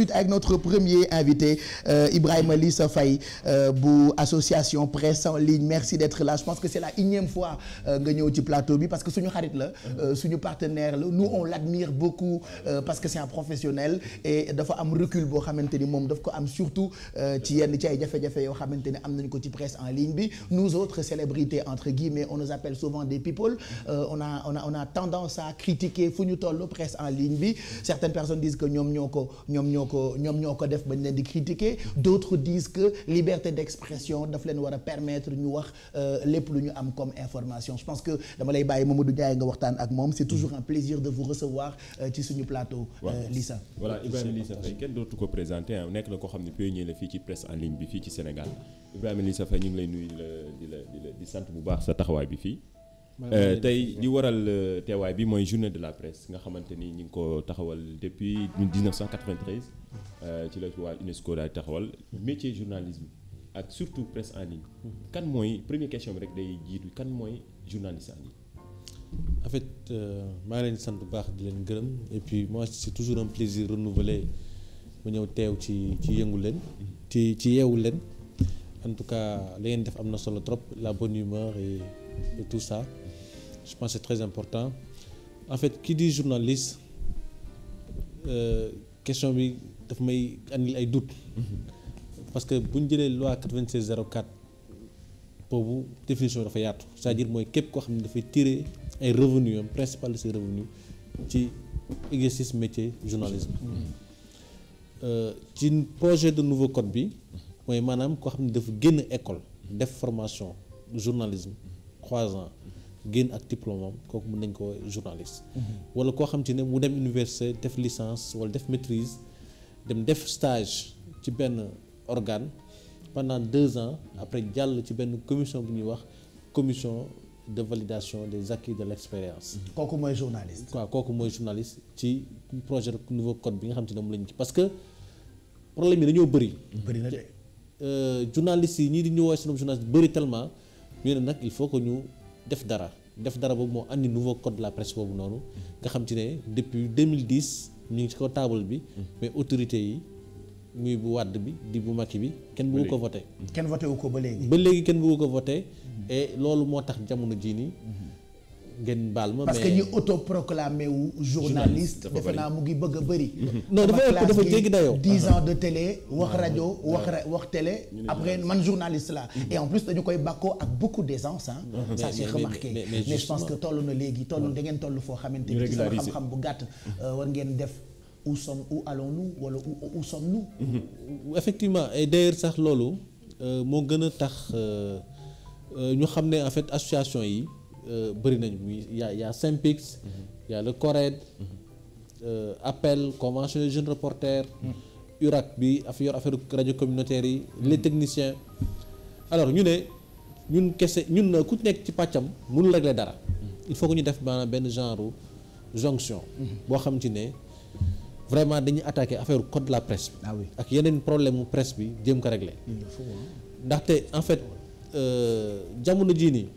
suite avec notre premier invité euh, Ibrahima Lissa Faye euh, bu association presse en ligne merci d'être là je pense que c'est la énième fois euh, nga ñëw ci plateau bi parce que suñu xarit la euh, suñu partenaire la nous on l'admire beaucoup euh, parce que c'est un professionnel et dafa am recul boo xamante ni moom daf ko am surtout ci yenn ci ay jafe-jafe yoo xamante ni am nañu ko ci presse en ligne bi nous autres célébrités entre guillemets on nous appelle ko ñoom ñoo ko def bañ leen di critiquer d'autres disent que liberté d'expression daf leen war a permettre ñu wax euh, lépp lu ñu am comme information je pense que dama lay bàyyi Mamadou Ndiaye nga waxtaan ak moom c'est toujours un plaisir de vous recevoir euh, ci suñu plateau euh, Lissa voilà Ibrahima Lissa Faye kenn dootu ko présenter nekk na ko xam ne pionnier la fii ci presse en ligne bi fii ci Sénégal Ibrahima Lissa Faye ñu ngi lay nuyu di la di sant bu baax sa taxawaay bi fii Euh, tey li waral euh, teewaay bi mooy journée de la presse nga xamante ni ñu ngi ko taxawal depuis 1993 euh, ci la waa UNESCO daal taxawal métier journalisme ak surtout presse en ligne kan mooy première question bi rek day jiitu kan mooy journaliste en ligne en fait maa leen sant bu baax di leen gërëm et puis mois c'est toujours un plaisir renouvelé mu ñëw teew ci ci yëngu leen ci ci yeewu leen en tout cas la ngeen def am na solo trop la bonne humeur et et tout ça Je pense que c'est très important. En fait, qui dit journaliste, euh, question bi dafa may andil ay doute. parce que bu ñu jëlee loi 96 04 boobu définition dafa yaatu c'est-à-dire mooy képp koo xam ne dafay tirer ay revenus am principal de ses revenus ci exercice métier journalisme. Euh, ci euh, projet de nouveau code bi mooy maanaam koo xam ne dafa génn école def formation journalisme trois ans. génn ak diplôme am kooku mën nañ koo journaliste. Mhm. wala koo xam ne mu dem université def licence wala def maîtrise dem def stage ci benn organe pendant deux ans après jàll ci benn commission bu ñuy wax commission de validation des acquis de l' expérience. Mhm. kooku mooy journaliste. waaw kooku mooy journaliste ci projet nouveau code bi nga xam te ne mu lañ ci parce que problème yi dañoo bëri. bëri na de euh, journaliste yi ñii di ñu woowee seen journaliste bëri tellement ñu ne nag i faut que ñu. def dara def dara boobu moo indi nouveau code de la presse boobu noonu nga xam ci ne depuis 2010 ñu ngi ci ko taabal bi mais autorité yi muy bu wadd bi di bu Macky bi kenn bëggu ko voté kenn voté wu ko ba léegi ba léegi kenn bëggu ko voté et loolu moo tax jamono jii nii ngeen baal ma mais parce que ñu autoproclamé wu journaliste defe naa mu ngi bëgg a bëri mhm. non dafa dafa jéggi dayoo dix mhm. ans de télé wax ah, rajo wax ah. wax télé après man journaliste la mhm. et en plus dañu koy bàkkoo ak beaucoup d'aisance ah ça c'est remarqué mais je pense que toll na léegi toll da ngeen toll foo xamante ni ci sama bu gàtt euh, war ngeen def où sommes où allons-nous effectivement et d'ailleurs sax loolu euh, moo gën a tax euh, ñu xam ne en fait association yi Euh, bëri nañu muy y' a y' a Synpics. Mhm. y' a le CORED. Mhm. Euh, appel convention des jeunes reporters. Mhm. bi af yor affaire rajo communautaire yi. les techniciens. alors ñu ne ñun kese ñun ku nekk ci pàccam mënul régler dara. il faut ñu def maanaam benn genre jonction. boo xam ci ne vraiment dañuy attaqué affaire code la presse. ah oui ak yeneen problème mu presse bi jéem ko régler. ndaxte en fait euh, jamono jii nii.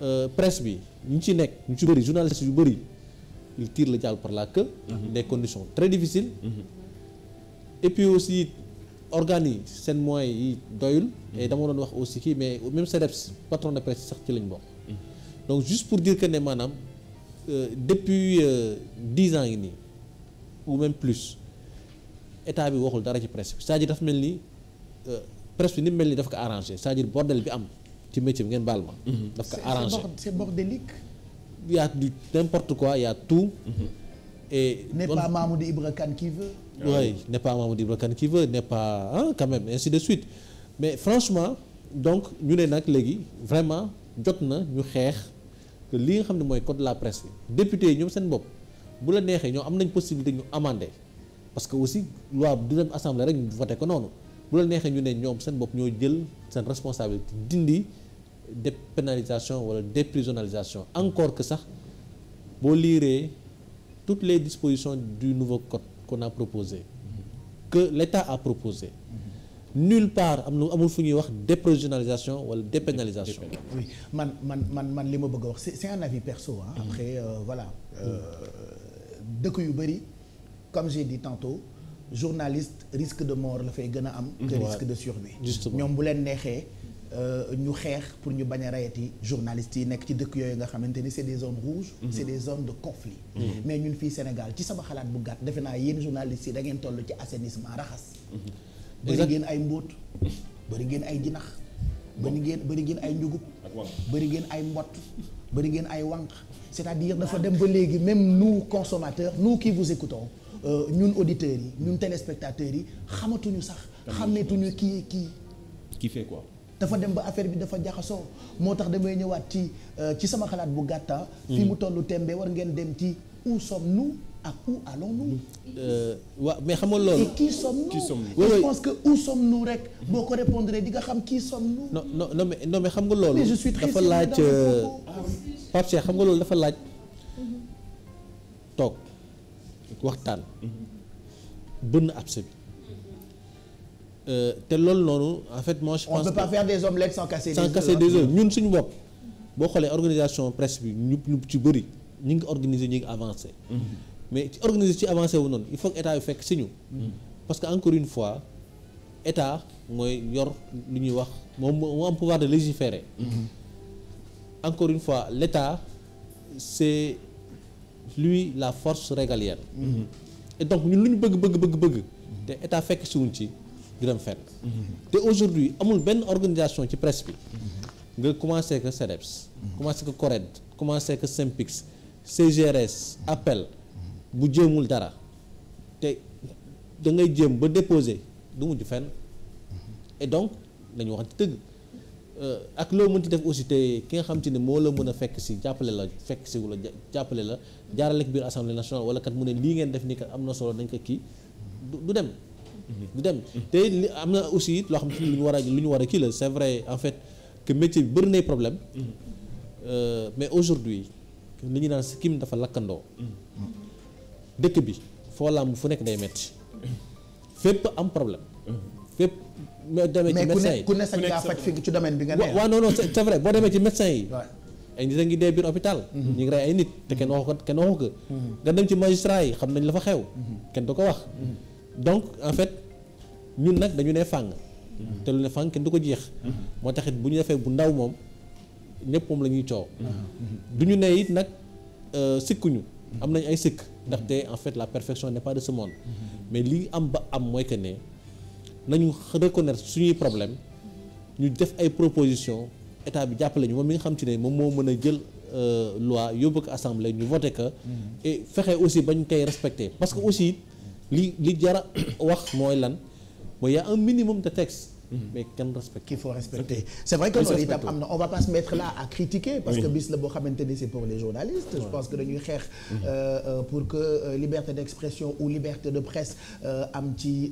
Euh, presse bi ñu ci nekk ñu ci bëri journaliste yu bëri il tire le diable par la queue. Mhm. des condition très difficiles. Mhm. et aussi organes seen moyens yi doyul. et dama doon wax aussi kii mais même CDEPS patron de presse sax ci lañ bokk. Mhm. donc juste pour dire que ne maanaam euh, depuis euh, dix ans yi nii ou même plus état bi waxul dara ci presse bi dafa mel ni presse bi ni mel ni dafa ko arrangé c'est-à-dire bordel bi am. ci métier bi ngeen baal ma. Mhm. daf ko arrangé c'est bordélique. y a du n'importe quoi y a tout. Mhm. et n'est pas Mamoudou Ibra Kane qui veut. oui ah quand même ainsi de suite mais franchement donc ñu ne nag léegi vraiment jot na ñu xeex que li nga xam ne mooy code la presse bi député yi ñoom seen bopp bu la neexee ñoo am nañ possibilité ñu amender parce que aussi loi dina assemblée rek ñu voté ko noonu bu la neexee ñu ne ñoom seen bopp ñoo jël seen responsabilité dépénalisation wala déprisonnalisation encore que sax boo liiree toutes les dispositions du nouveau code qu'on a proposé que l'État a proposé nulle part am na amul fu ñuy wax déprisonnalisation wala dépénalisation. oui man man man man li ma bëgg a wax c'est un avis perso ah. après euh, voilà mm-hmm. euh, dëkk yu bëri comme j'ai dit tanto journaliste risque de mort la fay gën a am. que risque de survie. ñoom bu leen neexee. Euh, ñu xeex pour ñu bañ a rayati journalistes yi nekk ci dëkk yooyu nga xamante ni c'est des zones rouges mhm. c'est des zone de conflit mhm. mais ñun fii Sénégal ci sama xalaat bu gàtt defe naa yéen journalistes yi dangeen ngeen toll ci assainissement raxas mhm. bëri ngeen ay mbóot bari ngeen ay jinax bëri ngeen bëri ngeen ay njugub bëri ngeen ay mbott bëri ngeen ay wànq c'est-à-dire dafa dem ba léegi même nous consommateurs nous qui vous écoutons euh, ñun auditeurs yi ñun téléspectateurs yi xamatuñu sax xametuñu kii kii qui fait dafa dem ba affaire bi dafa jaxasoo moo tax damay ñëwaat ci euh, ci sama xalaat bu gàtta mm. fi mu tollu tembe war ngeen dem ci où sommes-nous ak où allons-nous. Euh, waaw mais xam nga loolu. qui sommes-nous qui que où sommes-nous rek. boo ko répondre di nga xam qui sommes-nous. non non non xam nga loolu. je suis dafa laaj euh, Pape xam nga loolu dafa laaj mm-hmm. toog waxtaan. Mm-hmm. bënn ab bi Euh, te loolu noonu en fait moi je pense. on peut pas faire des omelettes sans ñun suñu bopp. boo xoolee organisation presse bi ñu ñu ci ñu ngi organiser ñu ngi avancé. Mm-hmm. mais ci organiser ci wu noonu il faut mm-hmm. parce que encore fois état mooy yor lu ñuy wax moom moo am pouvoir de légiférer. Mm-hmm. encore une fois l' état est lui la force bëgg bëgg bëgg te état fekk si wuñ ci. du dem fenn te aujourd'hui amul benn organisation ci presse bi nga commencé que CEDEPS commencé que CORED commencé que SYNPICS CGRS appel bu jëmul dara te da ngay jéem ba déposer du mujj fenn et donc dañu wax dëgg euh, ak loo mënti def aussi te ki nga xam te ne moo la mën a fekk si jàppale la fekk si wala jàppale la jaarale ak biir assemblée nationale wala kat mu ne lii ngeen def nii kat am na solo dañ ko kii du dem du dem te am na aussi loo xam ne lu ñu war a lu ñu war a kii la c'est vrai en fait que métier bëri nay problème euh, mais aujourd'hui li ñu naan sikkim dafa lakkandoo dëkk bi foo làmb fu nekk day metti fépp am problème fépp demee ci médecin yi ku ne sañ ngaa faj bi nga ne waaw non non boo demee ci médecin yi ay nit a ngi dee biir hôpital mhm. ñu ngi rey ay nit te kenn waxu ko kenn waxu ko mhm. nga dem ci magistrat yi xam nañ la fa xew mhm. kenn du ko wax donc en fait ñun nag dañu ne fàng. te lu ne fàng kenn du ko jeex. moo taxit bu ñu defee bu ndaw moom ñëpp moom la ñuy coow. du ñu ne it nag euh, sikkuñu. am nañ ay sikk ndaxte en fait la perfection n'est pas de ce mais lii am ba am mooy que ne nañu reconnaître suñuy problème ñu def ay proposition état bi jàppale ñu moom mi nga xam ci ne moom moo mën a jël euh, loi yóbbu ko assemblée ñu voté ko. Mm-hmm. et fexe aussi bañ koy respecté parce que aussi. li li jara wax mooy lan mooy y en un minimum de texte Mhm. mais kenn respecte qu'il faut respecter c'est vrai que loolu itam am na on va pas se mettre là à critiquer parce oui. que bis la boo xamante ni c'est pour les journalistes ouais. je pense que xeex mhm. euh, euh, pour que euh, liberté d'expression ou liberté de presse am ci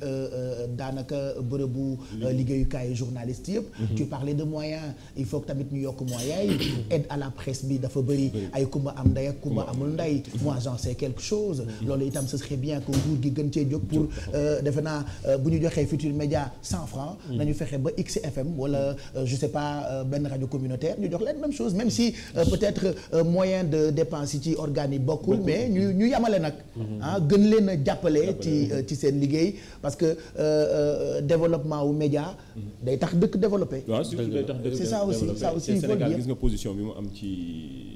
daanaka bërëbu liggéeyukaayu journalistes yëpp mhm. tu parlais de moyens il faut que tamit ñu yokk moyens yi aide à la presse bi dafa bëri ay kumba am nday ak kumba amul nday moi j'en sais quelque chose loolu gi gën cee jóg pour defe naa bu ñu nañu fexe ba XFM wala euh, je sais pas euh, benn rajo communautaire ñu jox leen même chose même si euh, peut-être moyen de dépense yi ci organes yi bokkul mais ñu ñu yamale nag mm-hmm. ah gën leen a jàppale ci ci seen liggéey parce que développement wu média mm-hmm. day tax dëkk développé c'est ça aussi ça aussi gis nga position bi mu am ci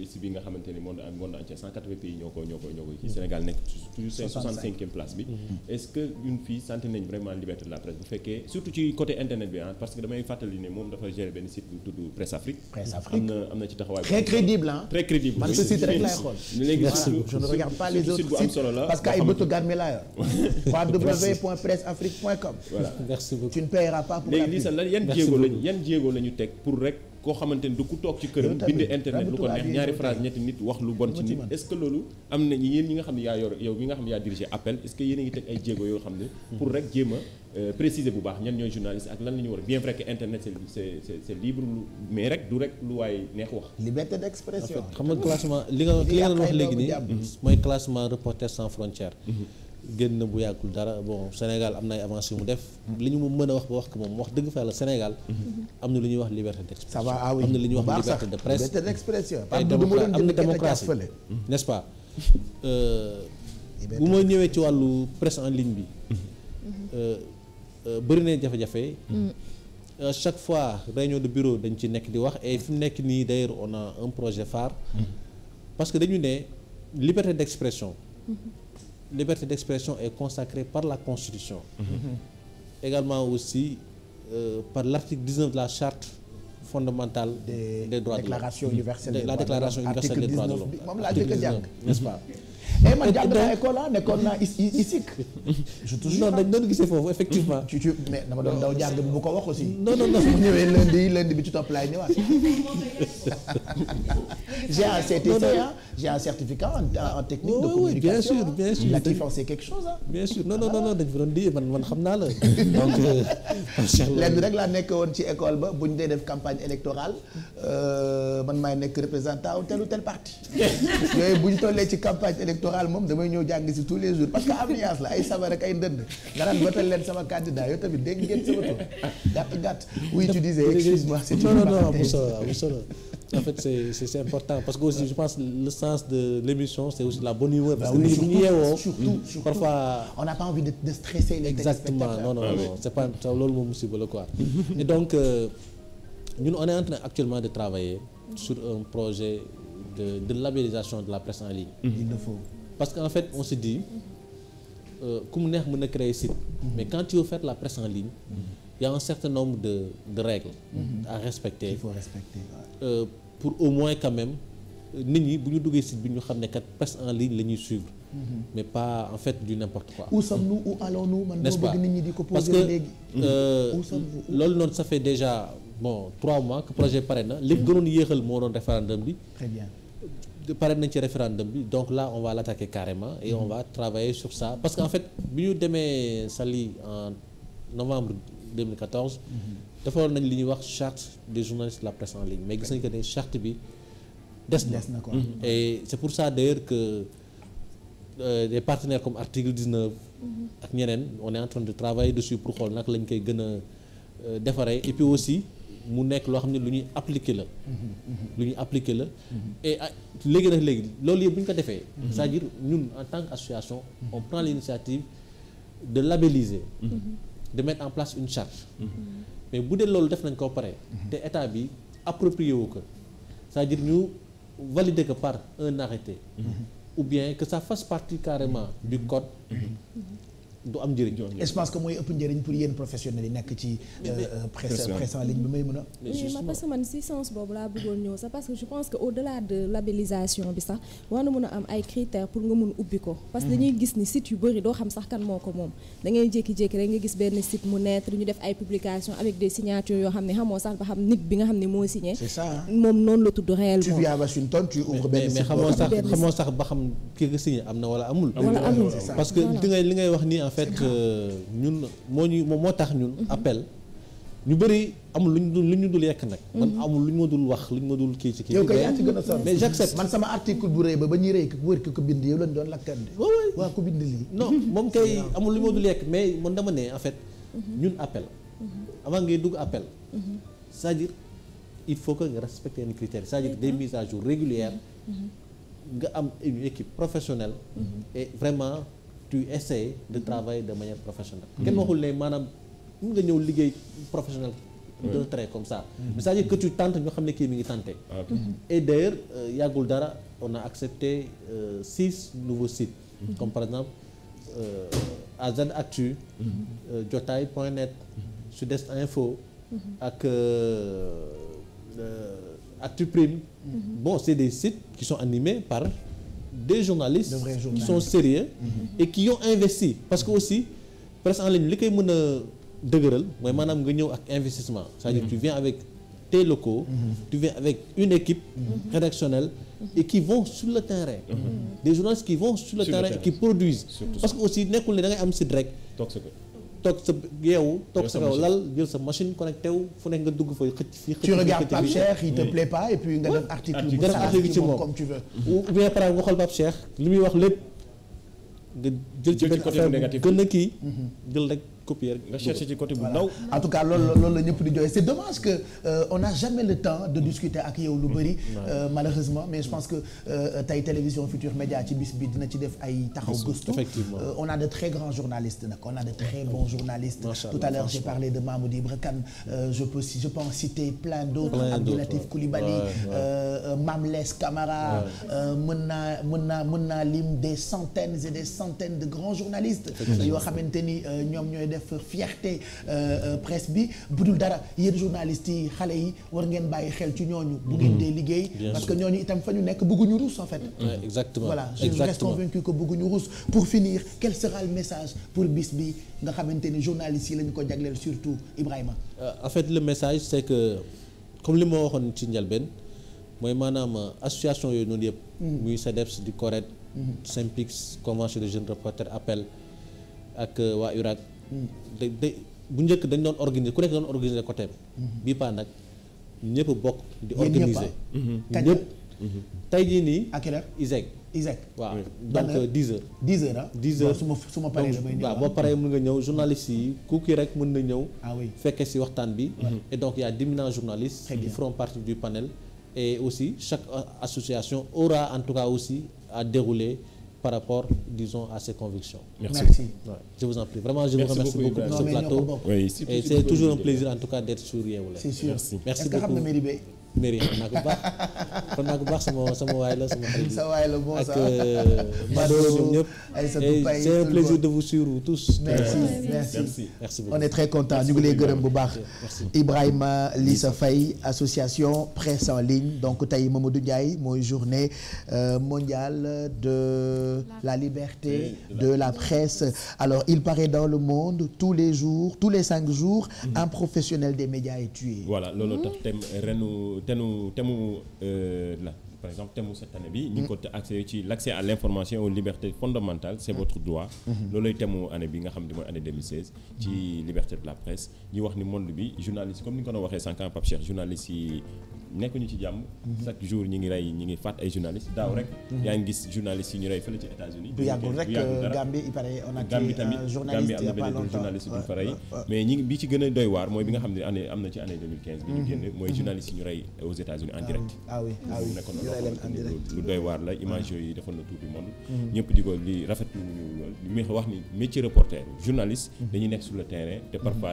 liste bi nga xamante ni monde monde entier 180 pays ñoo ko ñoo ko ñoo ko ci Sénégal nekk toujours 65e place bi mhm. est-ce que ñun fii sant liberté la presse bu fekkee surtout ci côté internet bi ah parce que damay fàttali ne moom dafa gérer benn site bu tudd Presse Afrique Presse Afrique am na am na ci taxawaay très crédible ah très crédible man léegi je ne regarde pas les autres sites parce que ay bëtu garmi laa yor www.presseafrique.com léegi lii sax la ñu koo xamante ni du ku toog ci këram bind internet lu ko neex ñaari phrase ñetti nit wax lu bon ci nit est loolu am na yéen ñi nga xam ne yaa yor yow mi nga xam ne yaa dirigé appel est-ce que a ngi teg ay jéego yoo xam ne pour rek jéem a euh, bu baax ñan ñooy journaliste ak lan la ñu war bien vrai que internet c'est c'est c'est libre mais rek du rek lu waaye neex wax liberté d'expression mooy classement Reporters sans frontières mm-hmm. génn na bu yàggul dara bon Sénégal am na ay avancées mu def. li ñu mën a wax ba wax ko moom wax dëgg fa yàlla Sénégal. Mm-hmm. am na lu ñuy wax liberté d'expression. ça va ah oui am na lu ñuy wax liberté de presse liberté d'expression. Mm-hmm. Euh, bu ma ñëwee ci wàllu presse en ligne bi. Mm-hmm. Euh, euh, bëri na jafe-jafe. chaque fois réunion de bureau dañ ci nekk di wax et fi mu nekk nii d'ailleurs on a un projet phare. parce que dañu ne liberté d'expression. liberté d'expression est consacrée par la Constitution. Mm -hmm. Également aussi euh, par l'article 19 de la charte fondamentale des, droits de l'homme. Déclaration de l'homme. La déclaration universelle des droits de l'homme. Moom eh man jàng naa école ah nekkoon naa ISIC. je te jure non dañ doon gisee foofu effectivement. tu tu mais dama doon daw jàng bu ko wax aussi. non non non bu ñëwee la donc. Euh, macha euh, nekk woon ci école ba bu ñu def campagne électorale euh, man maay nekk représentant wu tel ou tel parti yooyu bu ñu tollee ci campagne électorale. électoral moom damay ñëw jàng si tous les jours parce que ambiance la ay sabar ak ay ndënd nga naan votal leen sama candidat yow tamit dégg ngeen sama tur gàtt gàtt. oui tu disais excuse-moi c'est non non non bu solo bu solo en fait c'est c'est important parce que aussi je pense le sens de l'émission c'est aussi la bonne humeur. parce que nit ñi ñu yeewoo surtout parfois. on n'a pas envie de de stresser les exactement non non ah non c'est pas loolu moom musiba la quoi. et donc euh, ñun on est en train actuellement de travailler sur un projet de de labellisation de la presse en ligne. il le faut. parce que en fait on se dit euh, ku mu neex mën na créer site. Mm-hmm. mais quand tu veux faire la presse en ligne. Mm-hmm. il un certain nombre de de règles. Mm-hmm. respecter il faut respecter euh, pour au moins quand même nit ñi bu ñu duggee site bi ñu xam ne kat presse en ligne la ñuy suivre. mais pas en fait du n'importe quoi. où sommes-nous où man boo bëgg nit ñi di ko poser léegi parce euh, loolu noonu ça fait déjà bon trois projet pare na lépp gënoon yéexal moo doon référendum bi. pare nañ ci référendum bi donc là on va l'attaquer carrément et on mm-hmm. va travailler sur ça parce que en fait bi ñu demee Saly en novembre 2014 mm-hmm. defaroon nañ li ñuy wax charte des journalistes la presse en ligne mais gis nañ ko ne charte bi des des na kon mm-hmm. et c'est pour ça d'ailleurs que euh, des partenaires comme article 19 ak ñeneen on est de train de travailler dessus pour xool nag lañ koy gën a euh, defaree et aussi mu nekk loo xam ne lu ñuy appliquer la. Mm-hmm. lu ñuy appliquer la. Mm-hmm. et ah, léegi nag léegi loolu yëpp bu ñu ko defee. Mm-hmm. cest à en tant qu'association. on prend l'initiative de labelliser. de mettre en place une charte. mais bu dee loolu def nañ ko pare. te état bi approprié wu ko cest ñu valider ko par un arrêté. ou bien que ça fasse partie carrément du code. du am njëriñ. je pense que mooy ëpp njëriñ pour yéen professionnels yi nekk ci. Euh, euh, presse presse ligne bi may mën a. mais man si sens boobu laa bëggoon ñëw sax parce que pense que au delà de labellisation bi sax war na mën a am ay critères pour nga mun ubbi ko. parce mhm. dañuy gis ni site yu bëri doo xam sax kan moo ko moom da jékki-jékki rek nga gis benn site mu naître ñu def ay publications avec des signatures yoo xam ne xamoo sax ba xam nit bi nga xam ne moo signé. moom noonu la tudd en fait ñun moo ñu moom moo tax ñun appel ñu bëri amul lu ñu dul lu ñu dul yekk nag man mhm. amul lu ñu ma dul wax lu ñu ma kii ci kii a sonn mais ba ba ñuy ko bind yow lañ doon lakkande waaw waaw ku bind moom amul lu ma dul yekk mais man dama ne en fait mhm. ñun appel mhm. avant ngay dugg appel cest il faut que nga respecter les critères c'est-à-dire des mises à jour régulières nga am une équipe professionnelle et vraiment tu essaies de travailler de manière professionnelle. kenn waxul ne maanaam mun nga ñëw liggéey professionnel. d'un trait comme ça. Mhm. c'est-à-dire que tu xam ne kii mi ngi tenté. Ah, et euh, yàggul dara on a accepté euh, six nouveaux sites. Mhm. comme par exemple euh, AZ Actu. Mhm. Jotaay point net. Sud-Est Info. ak Actu Prime. bon c'est des sites qui sont par. des journalistes de journalistes qui sont sérieux mhm. et qui ont investi parce que aussi presse en ligne li koy mën a dëgëral mooy maanaam nga ñëw ak investissement c'est-à-dire mhm. tu viens avec tes locaux mhm. tu viens avec une équipe rédactionnelle et qui vont sur le terrain des journalistes qui vont sur le terrain et qui produisent parce que aussi nekkul ne da ngay am site rek toog sa yeewu toog sa kaw lal jël sa machine connecté tew fu nekk nga dugg fa xëcc fii xëcc tu regardes Pape Cheikh il mm. nga def article nga def article ci moom comme tu veux ou nga xool Pape Cheikh li muy wax lépp nga jël ci benn affaire gën a kii mhm. jël rek copier nga cherché ci côté bu ndaw en tout cas loolu loolu la ñëpp di jooy c'est dommage que euh, on n'a jamais le temps de discuter ak yow lu mm. bëri euh, malheureusement mais je pense que euh, tey télévision Futur Média ci bis bi dina ci def ay taxaw gëstu on a de très grands journalistes nag on a de très bons journalistes tout à l'heure j'ai parlé de Mamoudou Ibra Kane je peux je pense citer plein d'autres Abdou Latif Coulibaly Mame Less Camara mën naa mën naa mën naa lim des centaines et des centaines de grands journalistes yoo xamante ni ñoom ñooy def def fierté euh, euh, presse bi bu dul dara yéen journalistes yi xale yi war ngeen bàyyi xel ci ñooñu. bu ngeen mhm. dee liggéey. parce que ñooñu itam fa ñu nekk bëgguñu ruus en fait. exactement voilà je reste pour finir quel sera le message pour bis bi nga xamante ni journalistes yi lañu ko jagleel surtout Ibrahima. Euh, en fait le message c'est que comme li ma waxoon ci njëlbeen mooy maanaam association yooyu noonu yëpp. Mm. muy SEDEPS di CORED. Mm-hmm. SYNPICS convention des jeunes reporters appel ak waa URAC. da day bu njëkk dañ doon organiser ku nekk doon organiser côté bi mhm. bii paa nag ñëpp bokk di organiser mhm. ñëpp mhm. tey jii nii à quelle heure donc dix heures dix heures ah? dix heures su ma su ma paree damay ñëw waaw ah. nga ñëw journaliste yi ku kii rek mën na ñëw ah fekkee si waxtaan bi et donc y a d'éminents journalistes qui feront partie du panel et aussi chaque euh, association aura en tout cas aussi a dérouler par rapport, disons, à ses convictions. je vous en prie. Vraiment, je Merci vous remercie beaucoup, beaucoup pour non, ce plateau. et c'est toujours un plaisir, en tout cas, d'être sur Yeewu Leen. Merci beaucoup. mairie xam naa ko bu baax xam naa ko bu baax sama sama waay la sama xarit sa waay la bon ça ak euh, Mado ñoom ñëpp c'est un plaisir de vous suivre tous merci merci merci beaucoup on est très content ñu ngi lay gërëm bu baax Ibrahima Lissa Faye association presse en ligne donc tey Mamadou Ndiaye mooy journée euh, mondiale de la liberté de la presse alors il paraît dans le monde tous les jours tous les cinq jours mm-hmm. un professionnel des médias est tué voilà loolu tax thème renu thème thème la par exemple thème cette année bi. ñu ngi ko mm. accès ci l' accès à l' information aux libertés fondamentales c' est mm. votre droit. Mm-hmm. loolooy thème mu année bi nga xam ne mooy année 2016. ci mm-hmm. liberté de la presse ñu wax ni monde bi journaliste comme ni nga ko doon waxee sànq Pape Cheikh journaliste yi. nekkuñu ci jàmm. Mhm. chaque jour ñu ngi rey ñu ngi faat ay journalistes daaw mhm. rek. Mhm. yaa ngi gis journalistes yi ñu rey fële ci États-Unis du yàggul rek Gambie Gambie tamit euh, Gambie am na benn journaliste bu ñu fa rey mais ñi bi ci gën a doy waar mooy bi nga xam ne année am na ci année 2015 bi ñu génn mooy journalistes yi ñu rey aux États-Unis en direct ah ah ah na lu doy waar la image yooyu defoon na tour du monde ñëpp di ko li rafetlu ñu loolu wax ni métier reporter journaliste dañuy nekk sur le terrain te parfois